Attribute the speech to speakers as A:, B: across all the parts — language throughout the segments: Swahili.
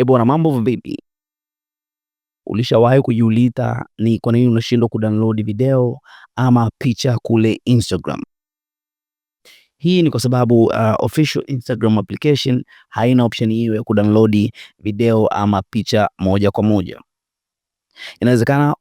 A: E mambo vipi? Ulishawahi kujiuliza ni kwa nini unashindwa kudownload video ama picha kule Instagram? Hii ni kwa sababu uh, official Instagram application haina option hiyo ya kudownload video ama picha moja kwa moja. Inawezekana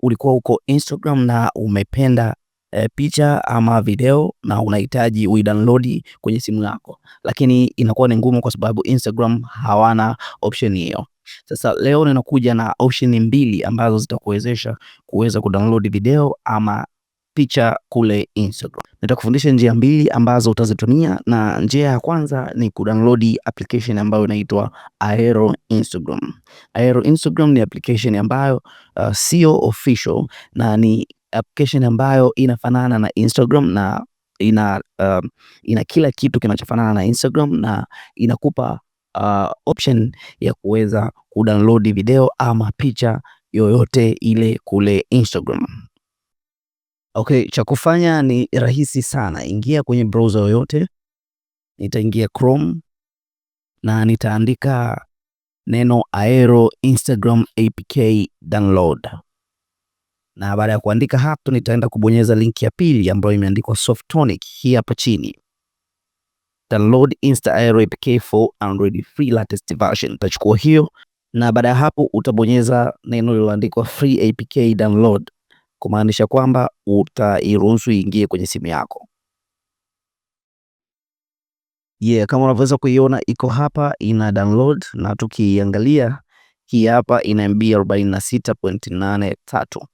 A: ulikuwa uko Instagram na umependa e, picha ama video na unahitaji uidownload kwenye simu yako, lakini inakuwa ni ngumu kwa sababu Instagram hawana option hiyo. Sasa leo ninakuja na option mbili ambazo zitakuwezesha kuweza kudownload video ama picha kule Instagram. Nitakufundisha njia mbili ambazo utazitumia, na njia ya kwanza ni kudownload application ambayo inaitwa Aero Instagram. Aero Instagram ni application ambayo uh, sio official na ni application ambayo inafanana na Instagram na ina um, ina kila kitu kinachofanana na Instagram na inakupa uh, option ya kuweza kudownload video ama picha yoyote ile kule Instagram. Okay, cha kufanya ni rahisi sana. Ingia kwenye browser yoyote, nitaingia Chrome na nitaandika neno Aero Instagram APK download na baada ya kuandika hapo, nitaenda kubonyeza linki ya pili ambayo imeandikwa Softonic hii hapa chini, download Insta Aero APK for Android free latest version. Utachukua hiyo na baada ya hapo utabonyeza neno lililoandikwa free APK download, kumaanisha kwamba utairuhusu iingie kwenye simu yako. Yeah, kama unavyoweza kuiona iko hapa ina download na tukiiangalia hii hapa ina MB 46.83.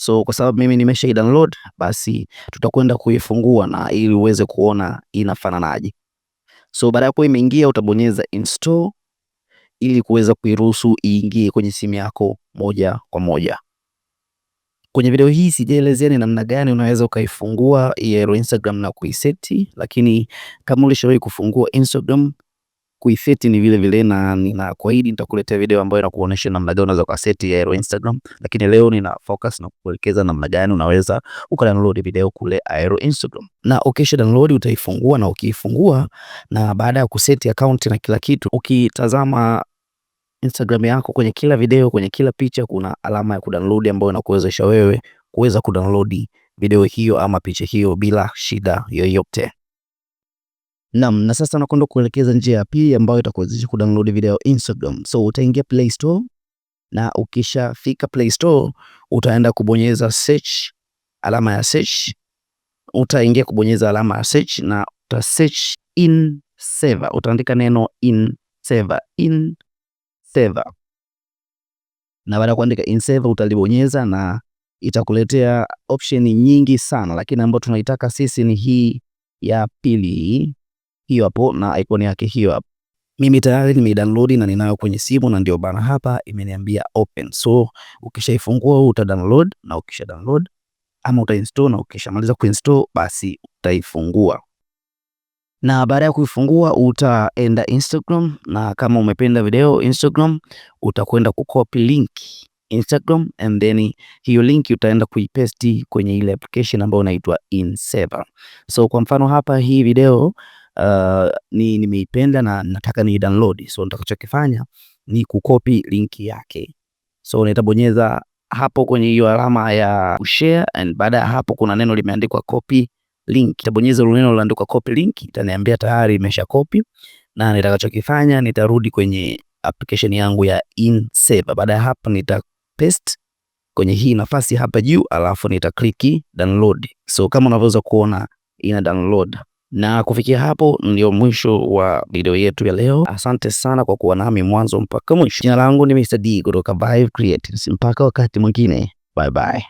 A: So kwa sababu mimi nimesha download, basi tutakwenda kuifungua na ili uweze kuona inafananaje. So baada ya kuwa imeingia, utabonyeza install ili kuweza kuiruhusu iingie kwenye simu yako moja kwa moja. Kwenye video hii sijaelezea ni namna gani unaweza ukaifungua Instagram na kuiseti, lakini kama ulishawahi kufungua Instagram kuiseti ni vile vile, na kuahidi nitakuletea video ambayo inakuonesha namna gani unaweza kuseti Aero Instagram, lakini leo nina focus na kukuelekeza namna gani unaweza download video kule Aero Instagram. Na ukisha download utaifungua, na ukiifungua, na baada ya kuseti account na kila kitu, ukitazama Instagram yako kwenye kila video, kwenye kila picha kuna alama ya kudownload ambayo inakuwezesha wewe kuweza kudownload video hiyo ama picha hiyo bila shida yoyote. Naam, na sasa nakwenda kuelekeza njia ya pili ambayo itakuwezesha kudownload video Instagram. So utaingia Play Store na ukishafika Play Store utaenda kubonyeza search, alama ya search. Utaingia kubonyeza alama ya search na uta search in server, utaandika neno in server, in server. Na baada ya kuandika in server utalibonyeza na itakuletea option nyingi sana, lakini ambayo tunaitaka sisi ni hii ya pili hiyo hapo na icon yake hiyo hapo. Mimi tayari nimeidownload na ninayo kwenye simu na ndio bana hapa imeniambia open. So ukishaifungua uta download na ukisha download ama uta install na ukishamaliza kuinstall basi utaifungua. Na baada ya kuifungua utaenda Instagram na kama umependa video Instagram utakwenda kucopy link Instagram and then hiyo link utaenda kuipaste kwenye ile application ambayo inaitwa Inseva. So kwa mfano hapa hii video uh, nimeipenda ni na nataka ni download. So nitakachokifanya ni kukopi link yake, so nitabonyeza hapo kwenye hiyo alama ya share, and baada ya hapo kuna neno limeandikwa copy link. Nitabonyeza ile neno liloandikwa copy link, itaniambia tayari imesha copy, na nitakachokifanya nitarudi kwenye application yangu ya InSaver. Baada ya hapo nita paste kwenye hii nafasi hapa juu, alafu nita click download. So kama unavyoweza kuona ina download. Na kufikia hapo ndio mwisho wa video yetu ya leo. Asante sana kwa kuwa nami mwanzo mpaka mwisho. Jina langu ni Mr. D kutoka Vibe Creatives. Mpaka wakati mwingine, bye bye.